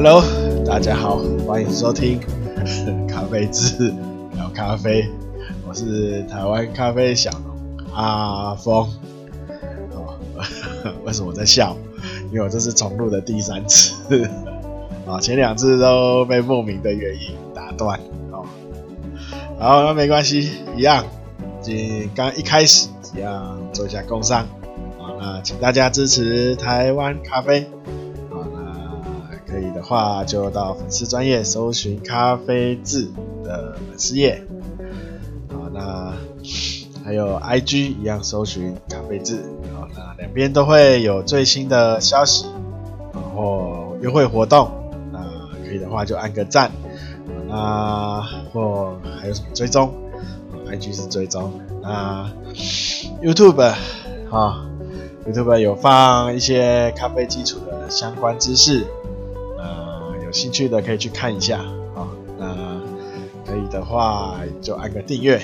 Hello，大家好，歡迎收聽呵呵咖啡志聊咖啡。我是台灣咖啡小農阿峰、啊。哦呵呵，為什麼我在笑？因為我這是重錄的第三次啊，前兩次都被莫名的原因打斷哦。好，那沒關係，一樣。就剛一開始一樣做一下工商啊，那請大家支持台灣咖啡。話就到粉絲專頁搜尋“咖啡誌的粉絲頁，啊，那還有 I G 一樣搜尋“咖啡誌，啊，那兩邊都會有最新的消息，然後優惠活動，那可以的話就按個讚，啊，那或還有什麼追蹤，I G 是追蹤，那 YouTube 哈 YouTube 有放一些咖啡基礎的相關知識。有興趣的可以去看一下啊、哦！那可以的話就按個訂閱，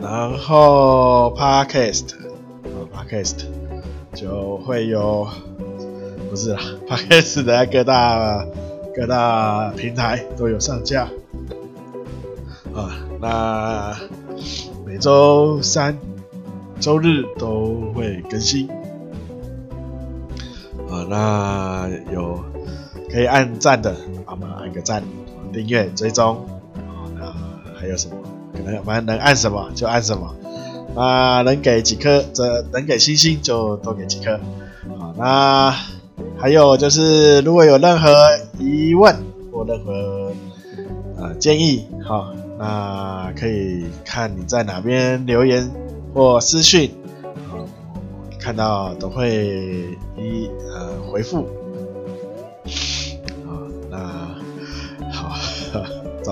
然後 Podcast、哦、Podcast 就會有，不是啦 Podcast 的各大各大平台都有上架啊、哦！那每周三、周日都會更新啊、哦！那有。可以按讚的，幫忙按個讚，訂閱追蹤，啊、呃，還有什麼？可能我們能按什麼就按什麼，啊、呃，能給幾顆，這能給星星就多給幾顆，啊、呃，那還有就是如果有任何疑問或任何、呃、建議，好、呃，那可以看你在哪邊留言或私訊，啊、呃，看到都會一呃回復。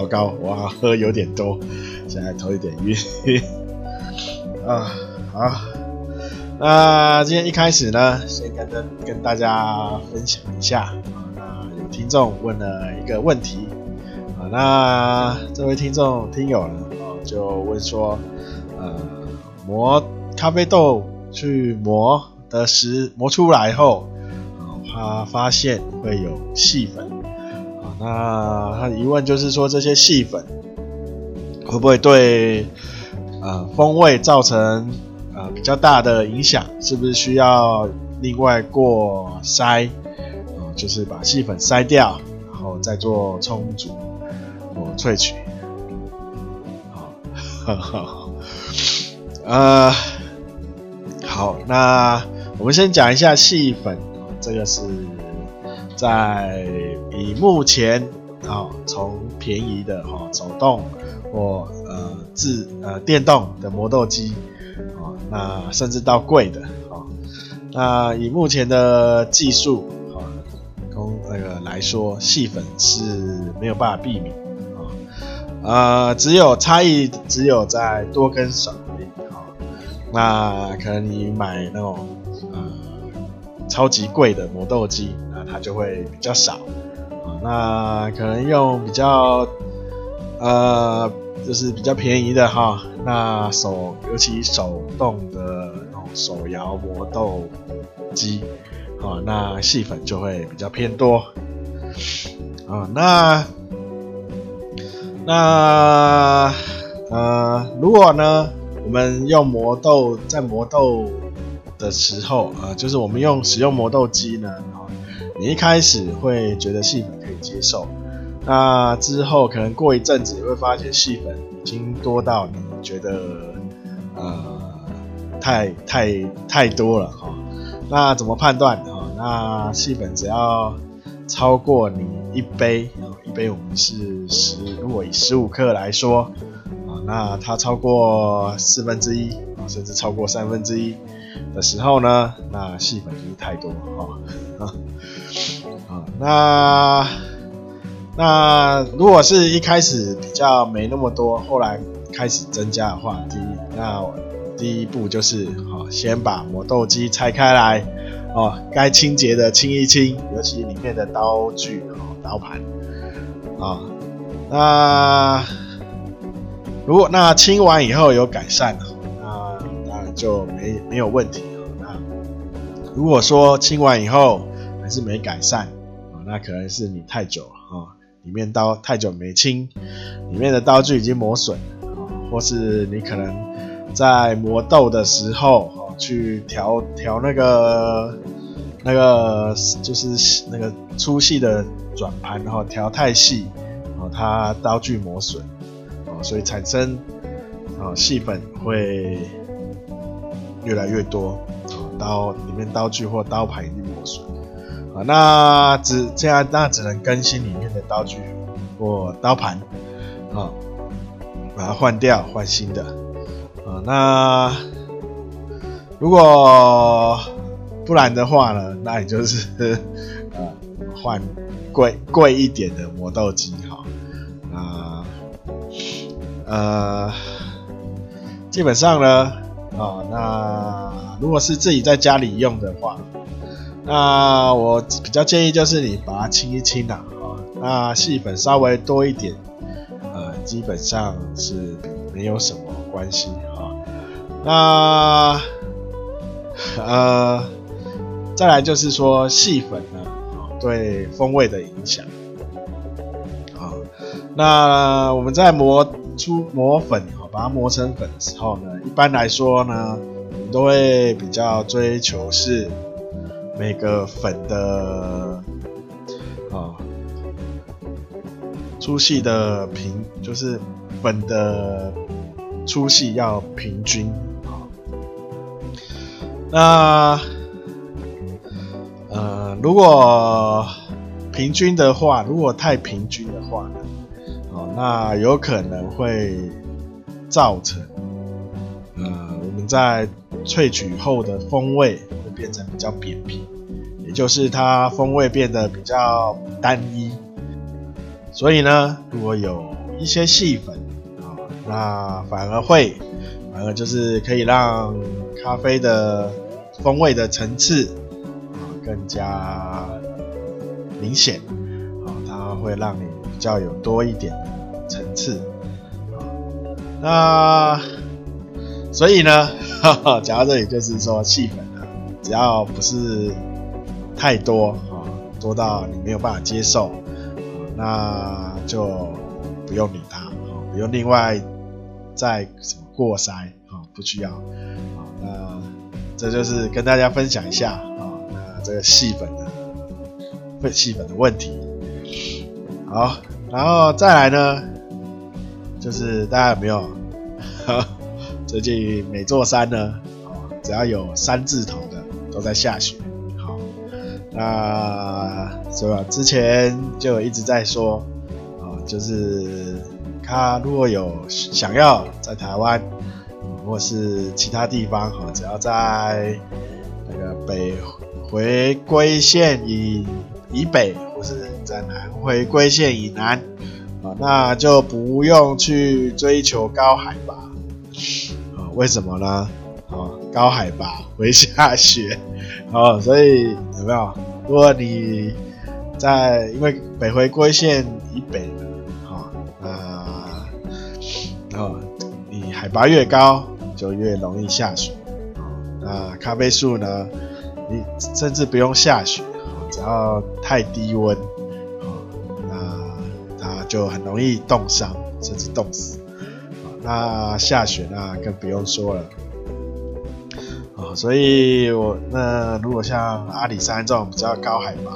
糟糕，我好像我喝有點多，現在頭有點暈啊、呃。好，那今天一開始呢，先跟跟大家分享一下啊。那、呃、有聽眾問了一個問題啊、呃，那這位聽眾聽友呢、呃、就問說，呃，磨咖啡豆去磨的時磨出來後，啊、呃，他發現會有細粉。那他的疑問就是說，這些細粉會不會對、呃、風味造成、呃、比較大的影響？是不是需要另外過篩、呃？就是把細粉篩掉，然後再做沖煮萃取。好，啊、呃，好，那我們先講一下細粉、呃，這個是在。以目前啊，從、哦、便宜的哈手、哦、動或呃自呃電動的磨豆機啊、哦，那甚至到貴的啊、哦，那以目前的技術啊、跟、哦、那個來說，細粉是沒有辦法避免啊、哦，呃，只有差異，只有在多跟少而已啊、哦。那可能你買那種呃超級貴的磨豆機，那它就會比較少。那可能用比較，呃，就是比較便宜的哈、哦。那手，尤其手動的那種、哦、手搖磨豆機，啊、哦，那細粉就會比較偏多。啊、哦，那那呃，如果呢，我們用磨豆在磨豆的時候，啊、呃，就是我們用使用磨豆機呢。你一開始會覺得細粉可以接受，那之後可能過一陣子，會發現細粉已經多到你覺得呃太太太多了哈。那怎麼判斷？哈，那細粉只要超過你一杯，一杯我們是十，如果以十五克來說，啊，那它超過四分之一啊，甚至超過三分之一。的時候呢，那細粉就是太多哈啊啊，那那如果是一開始比較沒那麼多，後來開始增加的話，第一那第一步就是好、哦、先把磨豆機拆開來哦，該清潔的清一清，尤其裡面的刀具哦，刀盤啊、哦，那如果那清完以後有改善。就沒沒有問題啊。那如果說清完以後還是沒改善啊，那可能是你太久了啊，裡面刀太久沒清，裡面的刀具已經磨損啊，或是你可能在磨豆的時候啊，去調調那個那個就是那個粗細的轉盤，然後調太細啊，它刀具磨損啊，所以產生啊細粉會。越來越多啊，刀裡面刀具或刀盤已經磨損啊，那只這樣那只能更新裡面的刀具或刀盤啊，把它換掉換新的啊，那如果不然的話呢，那你就是換貴貴一點的磨豆機哈啊、呃、基本上呢。啊、哦，那如果是自己在家裡用的話，那我比較建議就是你把它清一清啦。啊、哦，那細粉稍微多一點，呃，基本上是沒有什麼關係啊、哦。那呃，再來就是說細粉呢，啊、哦，對風味的影響，啊、哦，那我們再磨出磨粉。把它磨成粉的時候呢，一般來說呢，我們都會比較追求是每個粉的啊、哦、粗細的平，就是粉的粗細要平均啊、哦。那呃，如果平均的話，如果太平均的話呢，哦，那有可能會。造成，呃，我們在萃取後的風味會變成比較扁平，也就是它風味變得比較單一。所以呢，如果有一些細粉啊，那反而會，反而就是可以讓咖啡的風味的層次啊更加明顯，啊，它會讓你比較有多一點層次。那所以呢，哈哈，講到這裡就是說，細粉呢，只要不是太多啊，多到你沒有辦法接受啊，那就不用理它，不用另外再什麼過篩啊，不需要啊。那這就是跟大家分享一下啊，那這個細粉的細粉的問題。好，然後再來呢，就是大家有沒有呵呵？最近每座山呢，哦，只要有三字頭的都在下雪。好，那所以我，之前就一直在說，啊、哦，就是他如果有想要在台灣、嗯，或是其他地方，好、哦，只要在那個北回歸線以以北，或是在南回歸線以南。啊，那就不用去追求高海拔，啊、哦，為什麼呢？啊、哦，高海拔會下雪，啊、哦，所以有沒有？如果你在因為北回歸線以北的，啊、哦，啊、哦，你海拔越高你就越容易下雪，啊，那咖啡樹呢？你甚至不用下雪，只要太低溫。就很容易凍傷，甚至凍死。那下雪那、啊、更不用說了啊！所以我那如果像阿里山這種比較高海拔，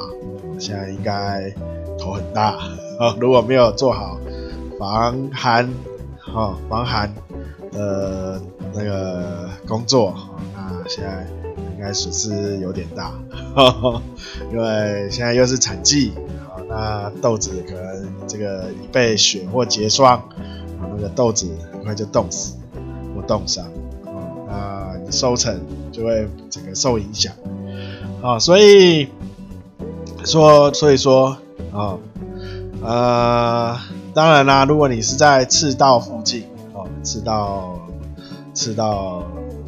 現在應該頭很大啊！如果沒有做好防寒哈防寒的那個工作，那現在應該損失有點大，因為現在又是產季。啊，豆子可能這個已被雪或結霜，啊，那個豆子很快就凍死或凍傷，啊，收成就會這個受影響，啊，所以說，所以說，啊，呃，當然啦，如果你是在赤道附近，哦，赤道赤道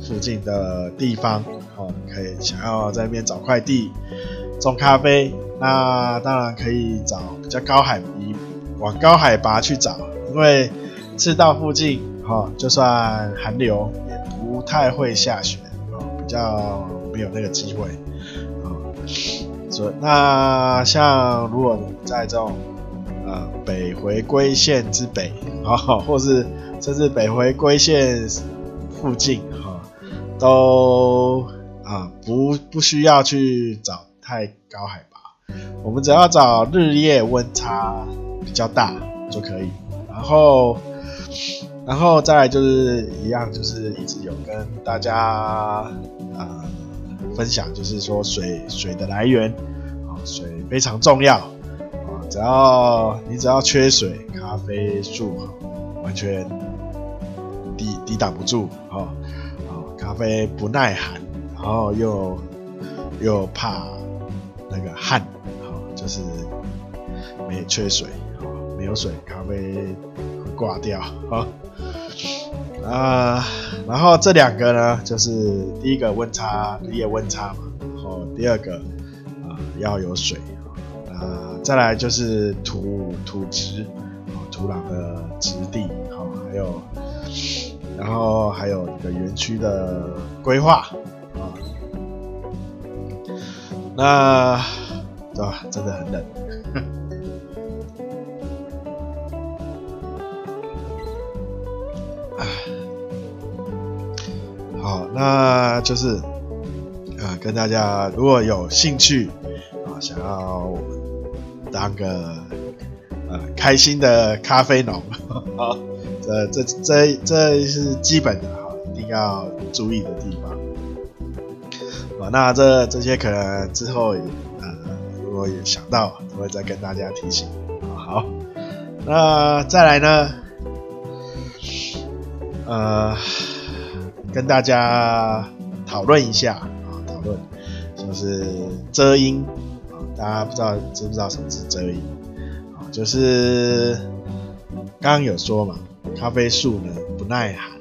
附近的地方，哦，可以想要在那邊找塊地種咖啡。那當然可以找比較高海拔，往高海拔去找，因為赤道附近哈、哦，就算寒流也不太會下雪，哦、比較沒有那個機會啊、哦。所以那像如果你在這種呃北回歸線之北啊、哦，或是甚至北回歸線附近哈、哦，都啊、呃、不不需要去找太高海拔。我們只要找日夜溫差比較大就可以，然後，然後再來就是一樣，就是一直有跟大家啊、呃、分享，就是說水水的來源，啊、哦、水非常重要啊、哦，只要你只要缺水，咖啡樹完全抵抵擋不住，啊、哦、咖啡不耐寒，然後又又怕那個旱。就是沒缺水啊，沒有水，咖啡會掛掉啊。啊、哦呃，然後這兩個呢，就是第一個溫差，日夜溫差嘛。然後第二個啊、呃，要有水啊、呃。再來就是土土質啊，土壤的質地啊、哦，還有然後還有一個園區的規劃啊、哦。那。啊，真的很冷，呵呵，唉，好，那就是、呃，跟大家如果有興趣啊、呃，想要當個、呃、開心的咖啡農，這這這這是基本的哈、啊，一定要注意的地方。那這這些可能之後也。我也想到，我會再跟大家提醒啊。好，那再來呢，呃，跟大家討論一下啊。討論就是遮陰啊。大家不知道知不知道什麼是遮陰啊？就是剛剛有說嘛，咖啡樹呢不耐寒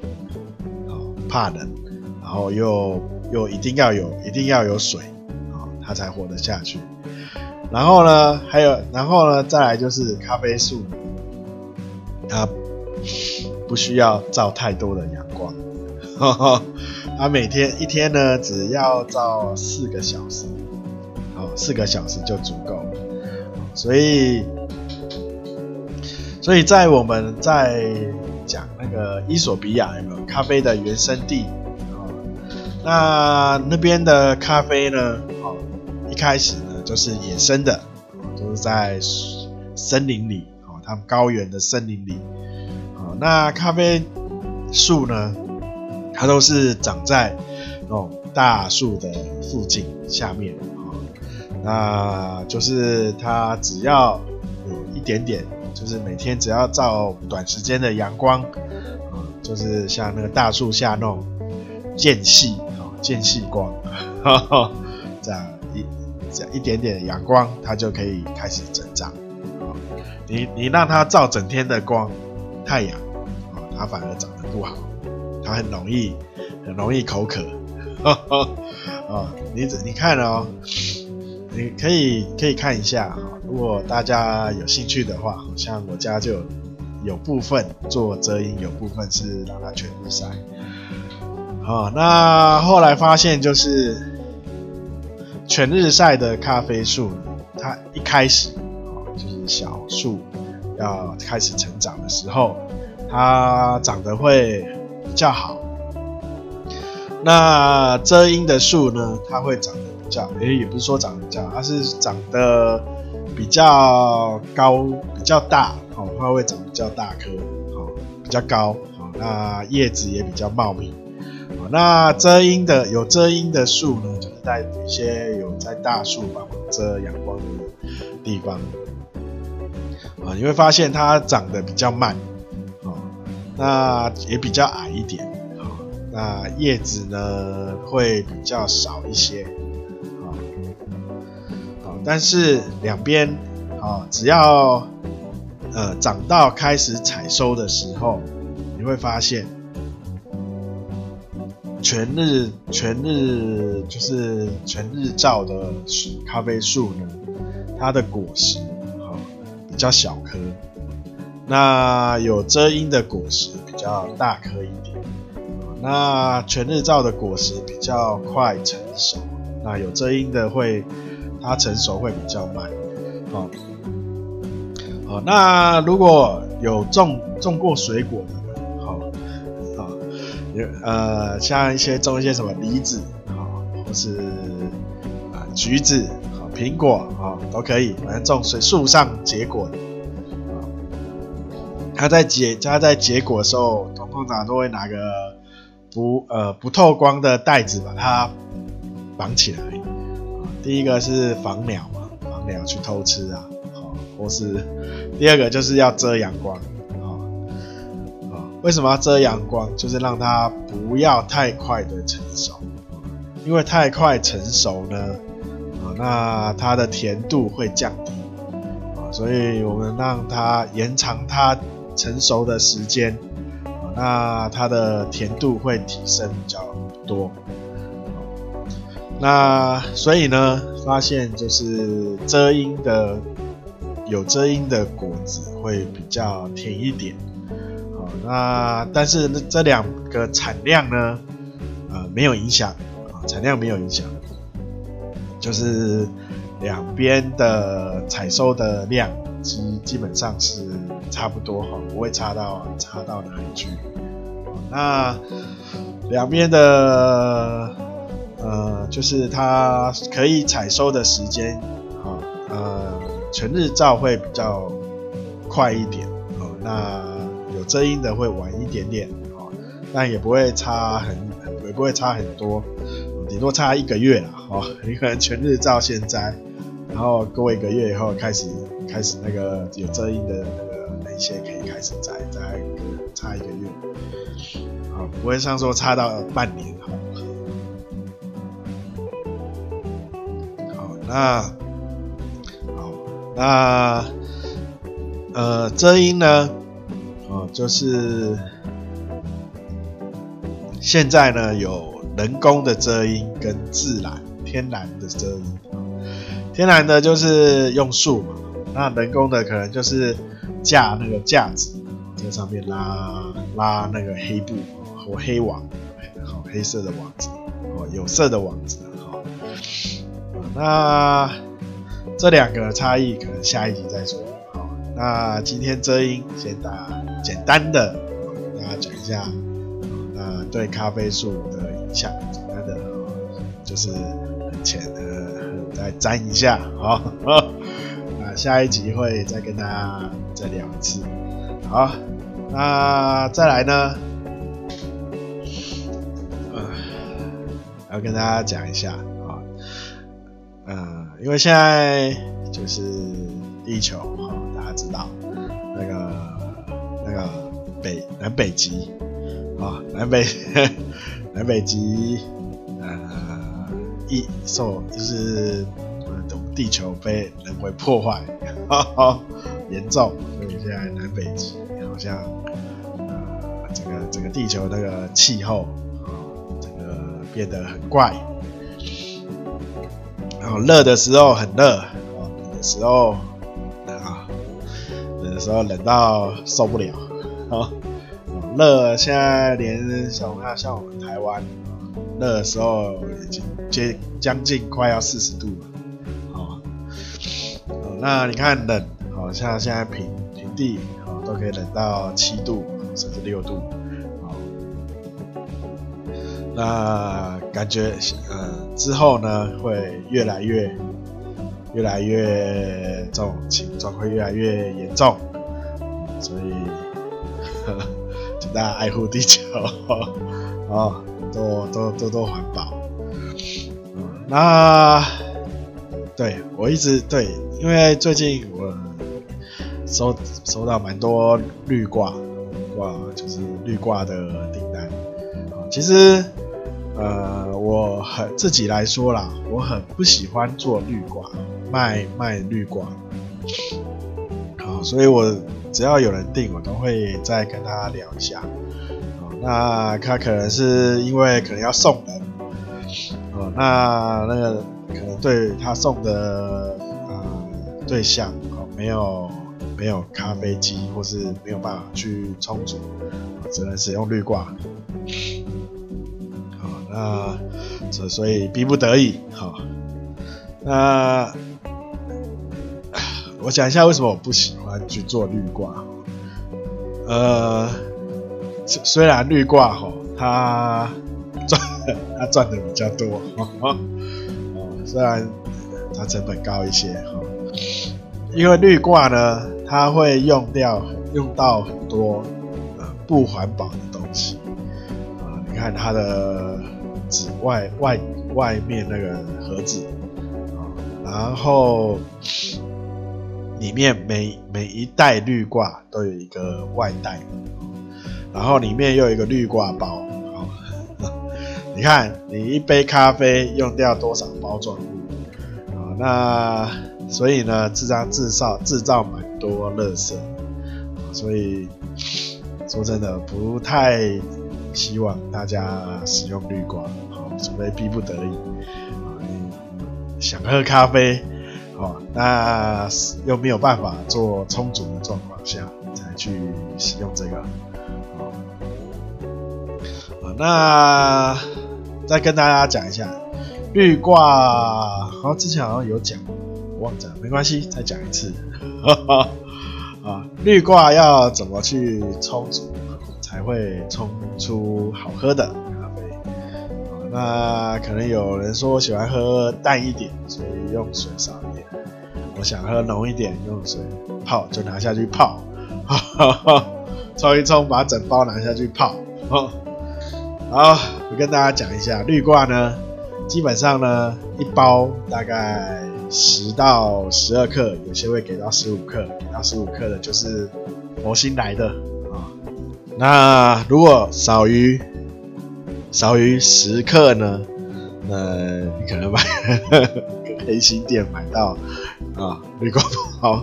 啊，怕冷，然後又又一定要有一定要有水啊，它才活得下去。然後呢，還有，然後呢，再來就是咖啡樹，它不需要照太多的陽光，呵呵它每天一天呢，只要照四個小時，哦，四個小時就足夠了。所以，所以在我們在講那個伊索比亞咖啡的原生地，哦，那那邊的咖啡呢，哦，一開始。就是野生的，就是在森林裡，哦，他們高原的森林裡，哦，那咖啡樹呢，它都是長在那種大樹的附近下面，哦，那就是它只要有一點點，就是每天只要照短時間的陽光，啊、哦，就是像那個大樹下那種間隙，哦，間隙光，呵呵這樣一。這一點點陽光，它就可以開始成長。哦、你你讓它照整天的光，太陽、哦，它反而長得不好，它很容易很容易口渴。呵呵哦、你你看哦，你可以可以看一下哈、哦。如果大家有興趣的話，好像我家就有，有部分做遮陰，有部分是讓它全部曬。好、哦，那後來發現就是。全日曬的咖啡樹，它一開始就是小樹，要開始成長的時候，它長得會比較好。那遮陰的樹呢，它會長得比較，欸、也不是說長得比較，它是長得比較高、比較大，哦，它會長比較大棵，比較高，那葉子也比較茂密。那遮陰的有遮陰的樹呢？在一些有在大樹幫忙遮陽光的地方啊，你會發現它長得比較慢啊，那也比較矮一點啊，那葉子呢會比較少一些啊啊，但是兩邊啊，只要呃長到開始採收的時候，你會發現。全日全日就是全日照的咖啡樹呢，它的果實、哦、比較小顆，那有遮陰的果實比較大顆一點，那全日照的果實比較快成熟，那有遮陰的會它成熟會比較慢，好、哦，好、哦，那如果有種種過水果的，呃，像一些種一些什麼梨子啊、哦，或是啊橘子啊、蘋果啊、哦、哦，都可以。反正種水樹上結果的、哦，它在結它在結果的時候，通常都會拿個不呃不透光的袋子把它綁起來、哦。第一個是防鳥嘛，防鳥去偷吃啊，哦、或是第二個就是要遮陽光。為什麼要遮陽光？就是讓它不要太快的成熟，因為太快成熟呢，啊，那它的甜度會降低，啊，所以我們讓它延長它成熟的時間，啊，那它的甜度會提升比較多，那所以呢，發現就是遮陰的，有遮陰的果子會比較甜一點。那但是這兩個產量呢？呃，沒有影響啊、呃，產量沒有影響，就是兩邊的採收的量基基本上是差不多哈，不、哦、會差到差到哪裡去、哦。那兩邊的呃，就是它可以採收的時間啊、哦，呃，全日照會比較快一點哦。那遮陰的會晚一點點，哦，但也不會差很，很也不會差很多，頂多差一個月了，哦，你可能全日照現在，然後過一個月以後開始開始那個有遮陰的那個那些可以開始摘，大概差一個月，啊，不會像說差到半年，好，好，好，那，好，那，呃，遮陰呢？哦，就是現在呢，有人工的遮陰跟自然天然的遮陰。天然的就是用樹嘛，那人工的可能就是架那個架子在上面拉拉那個黑布或黑網，好，黑色的網子好，有色的網子。好，那這兩個差異可能下一集再說。好，那今天遮陰先打。簡單的，啊，給大家講一下，啊、呃，那對咖啡樹的影響，簡單的，啊、哦，就是很淺的，再沾一下，啊、哦，呵呵下一集會再跟大家再聊一次，好，那再來呢，啊、呃，要跟大家講一下，啊、哦，嗯、呃，因為現在就是地球，啊，大家知道那個。那個北南北極啊、哦，南北呵呵南北極，呃，一受就是呃，地球被人為破壞，哈哈，嚴重，所以現在南北極好像呃，整個整個地球那個氣候啊、呃，整個變得很怪，然、哦、後熱的時候很熱，冷、哦、的、那個、時候。時候冷到受不了，好、哦、熱，現在連像像我們台灣，熱的時候已經接將近快要四十度了，好、哦哦，那你看冷，好、哦、像現在平平地、哦，都可以冷到七度甚至六度，好、哦，那感覺呃之後呢會越來越越來越重，情況會越來越嚴重。所以，請大家愛護地球，哦，很多多多多環保。嗯，那對我一直對，因為最近我收收到蠻多濾掛，哇，就是濾掛的訂單。啊、哦，其實，呃，我很自己來說啦，我很不喜歡做濾掛，賣賣濾掛。好、哦，所以我。只要有人訂，我都會再跟他聊一下。哦，那他可能是因為可能要送人，哦，那那個可能對他送的呃對象哦沒有沒有咖啡機，或是沒有辦法去沖煮，只能使用濾掛。好，那這所以逼不得已，好，那。我想一下，為什麼我不喜歡去做濾掛？呃，雖然濾掛哈，它賺它賺的比較多，雖然它成本高一些，因為濾掛呢，它會用掉用到很多不環保的東西。你看它的紙外外外面那個盒子然後，裡面每每一袋濾掛都有一個外袋，然後裡面又有一個濾掛包。哦、呵呵你看，你一杯咖啡用掉多少包裝物，哦、那所以呢，這張製造製造蠻多垃圾。哦、所以說真的不太希望大家使用濾掛，好、哦，除非逼不得已，嗯、想喝咖啡。好、哦，那又沒有辦法做充足的狀況下才去使用這個。好、哦哦，那再跟大家講一下濾掛，好、哦、好像之前好像有講，我忘記了，沒關係，再講一次。哈哈，啊，濾掛要怎麼去充足，才會沖出好喝的？那可能有人說我喜歡喝淡一點，所以用水少一點。我想喝濃一點，用水泡就拿下去泡，沖 一沖，把整包拿下去泡。 好，我跟大家講一下濾掛呢，基本上呢，一包大概十到十二克，有些會給到十五克，給到十五克的就是佛心來的啊。那如果少於。少於十克呢？那、呃、你可能買黑心店買到啊，劣質包哦。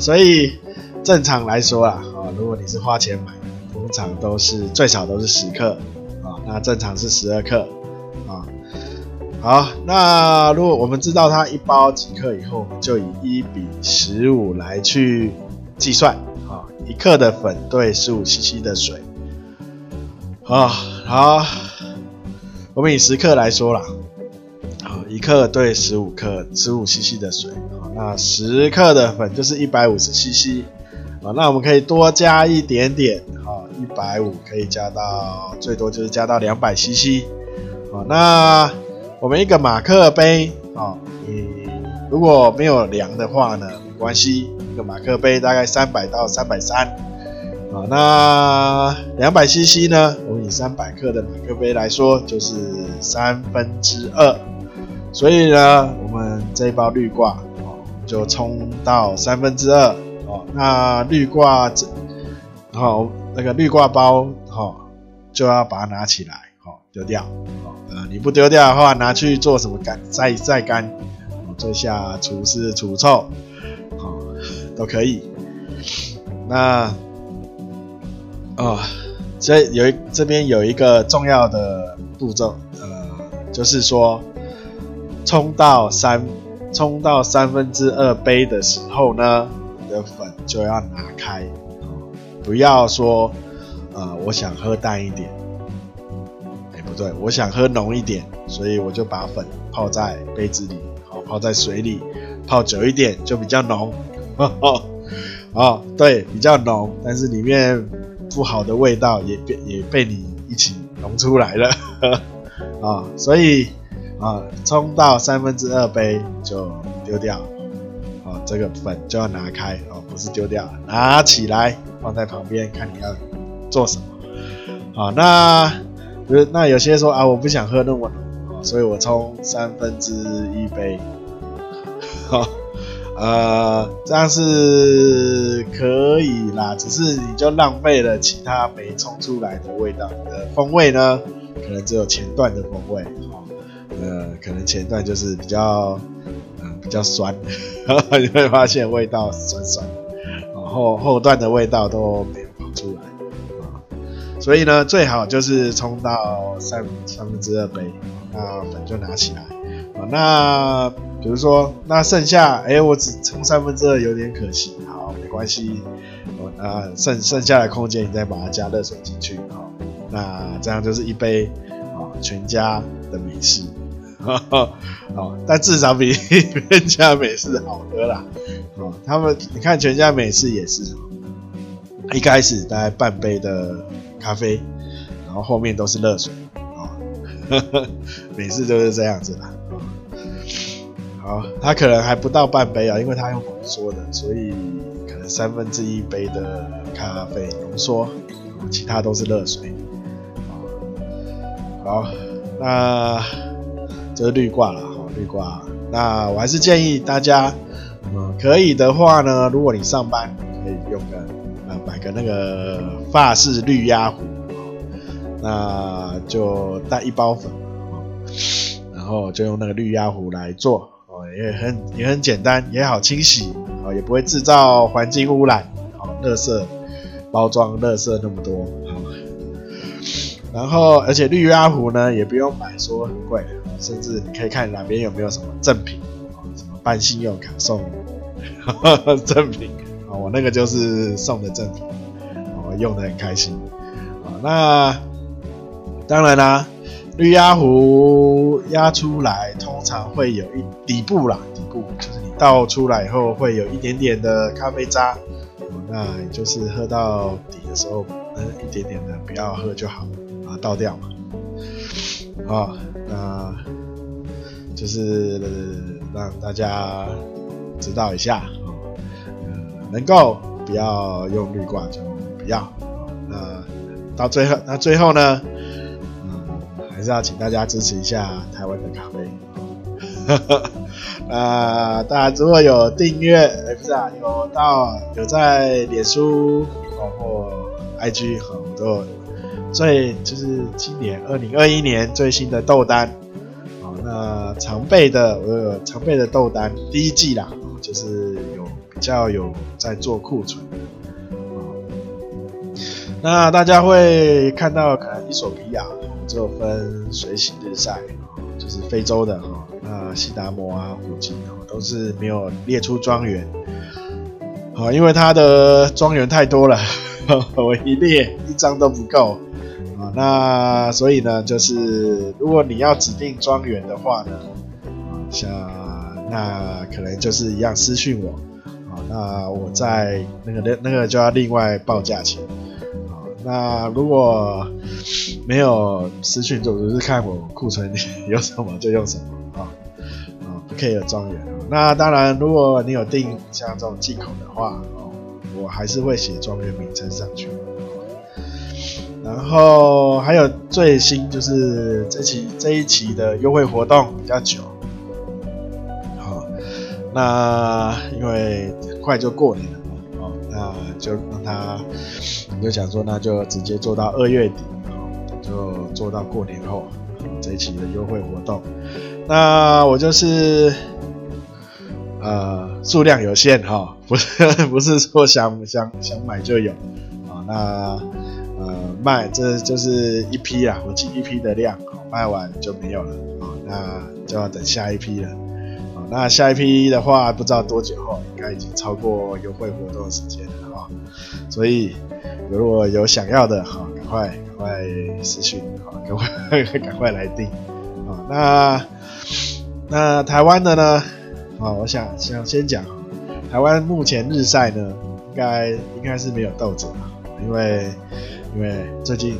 所以正常來說啊，啊，如果你是花錢買，通常都是最少都是十克啊。那正常是十二克啊。好，那如果我們知道它一包幾克以後，我們就以一比十五來去計算啊，一克的粉對十五 CC 的水啊，好。我們以十克來說啦，啊，一克兌十五克，十五 CC 的水，啊，那十克的粉就是一百五十 CC，啊，那我們可以多加一點點，啊，一百五可以加到最多就是加到兩百 CC，啊，那我們一個馬克杯，啊，你如果沒有量的話呢，沒關係，一個馬克杯大概三百到三百三。好、哦，那兩百 CC 呢，我們以三百克的馬克杯來說，就是三分之二。所以呢，我們這一包濾掛哦，就沖到三分之二哦。那濾掛，然、哦、後那個濾掛包哦，就要把它拿起來哦，丟掉哦。呃，你不丟掉的話，拿去做什麼乾？再再乾，做一下除濕除臭，好、哦、都可以。那。啊、哦，這有這邊有一個重要的步驟，呃，就是說沖到三沖到三分之二杯的時候呢，你的粉就要拿開，哦、不要說呃，我想喝淡一點，哎、嗯、不對，我想喝濃一點，所以我就把粉泡在杯子裡，好、哦、泡在水裡泡久一點就比較濃，哈哈，啊、哦、對，比較濃，但是裡面。不好的味道也被也被你一起溶出來了， 啊，所以啊，沖到三分之二杯就丟掉，啊，這個粉就要拿開，哦、啊，不是丟掉，拿起來放在旁邊，看你要做什麼。啊，那那有些說啊，我不想喝那麼濃，啊，所以我沖三分之一杯，好、啊。呃，這樣是可以啦，只是你就浪費了其他沒衝出來的味道，你的風味呢，可能只有前段的風味。哦，呃，可能前段就是比較，嗯、呃，比較酸呵呵，你會發現味道酸酸，然、哦、後後段的味道都沒有跑出來。啊、哦，所以呢，最好就是衝到三三分之二杯，那粉就拿起來。哦、那。比如說，那剩下，哎、欸，我只沖三分之二，有點可惜。好，沒關係，那、哦呃、剩剩下的空間，你再把它加熱水進去，好、哦，那這樣就是一杯啊、哦，全家的美式，好、哦哦，但至少比全家美式好喝啦。哦，他們，你看全家美式也是，一開始大概半杯的咖啡，然後後面都是熱水，啊、哦，美式就是這樣子啦。好，它可能還不到半杯啊，因為它用濃縮的，所以可能三分之一杯的咖啡濃縮，其他都是熱水。好，好，那這是濾掛了，好濾掛。那我還是建議大家，嗯可以的話呢，如果你上班，可以用個買個那個法式濾壓壺，那就帶一包粉，然後就用那個濾壓壺來做。也很也很簡單也好清洗啊、哦，也不會制造環境污染好、哦，垃圾包裝垃圾那麼多、哦、然後而且濾壓壺呢，也不用買，說很貴，甚至你可以看哪邊有沒有什麼贈品、哦、什麼辦信用卡送贈品啊，我、哦、那個就是送的贈品我、哦、用的很開心、哦、那當然啊，那當然啦。濾壓壺壓出來，通常會有一底部啦，底部就是你倒出來以後會有一點點的咖啡渣，那就是喝到底的時候，嗯，一點點的不要喝就好，把它倒掉嘛。好，那就是、呃、讓大家知道一下、嗯、能夠不要用濾掛就不要。那到最後，那最後呢？還是要請大家支持一下台灣的咖啡啊！當、 呃、大家如果有訂閱，哎、不是啊，有到有在臉書，包、哦、括、哦、IG，很多，所以就是今年二零二一年最新的豆單啊、呃，那常備的我、呃、常備的豆單第一季啦，呃、就是有比較有在做庫存啊、呃，那大家會看到可能伊索比亞。就分水洗日曬，啊，就是非洲的哈，那西達摩啊，古吉啊，都是沒有列出莊園，啊，因為他的莊園太多了，我一列一張都不夠，啊，那所以呢，就是如果你要指定莊園的話呢，像那可能就是一樣私訊我，啊，那我在那個那那個就要另外報價錢。那如果沒有資訊，就是看我庫存裡有什麼就用什麼啊啊、哦，不可以有莊園。那當然，如果你有訂像這種進口的話，哦，我還是會寫莊園名稱上去。然後還有最新就是這期這一期的優惠活動比較久，好、哦，那因為快就過年了。呃，就讓他，我就想說，那就直接做到二月底，就做到過年後，這一期的優惠活動。那我就是，呃，數量有限哈，不是不是說想想想買就有啊。那呃賣這就是一批啊，我記一批的量，賣完就沒有了啊。那就要等下一批了。那下一批的話，不知道多久哦，應該已經超過優惠活動的時間了哈、哦。所以如果有想要的，哈、哦，趕快趕快私訊，哈、哦，趕快趕快來訂，啊、哦，那那台灣的呢，啊、哦，我想想先講，台灣目前日曬呢，應該應該是沒有豆子，因為因為最近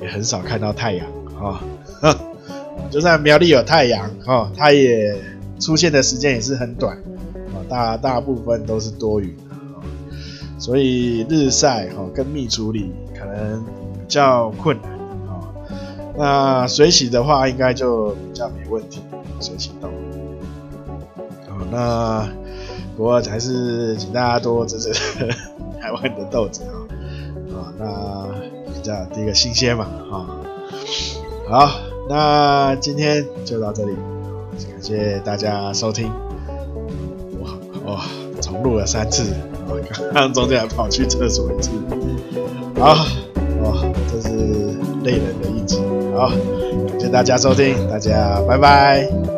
也很少看到太陽啊，哦、 就算苗栗有太陽，哈、哦，它也。出現的時間也是很短，啊，大大部分都是多雲啊，所以日曬哈跟蜜處理可能比較困難啊，那水洗的話應該就比較沒問題，水洗豆，好，那不過還是請大家多多支持台灣的豆子啊，啊，那比較第一個新鮮嘛，好，那今天就到這裡。感謝大家收聽，哇、哦、重錄了三次，剛、哦、剛中間還跑去廁所一次，好，哇、哦，這是累人的一集，好，感謝大家收聽，大家拜拜。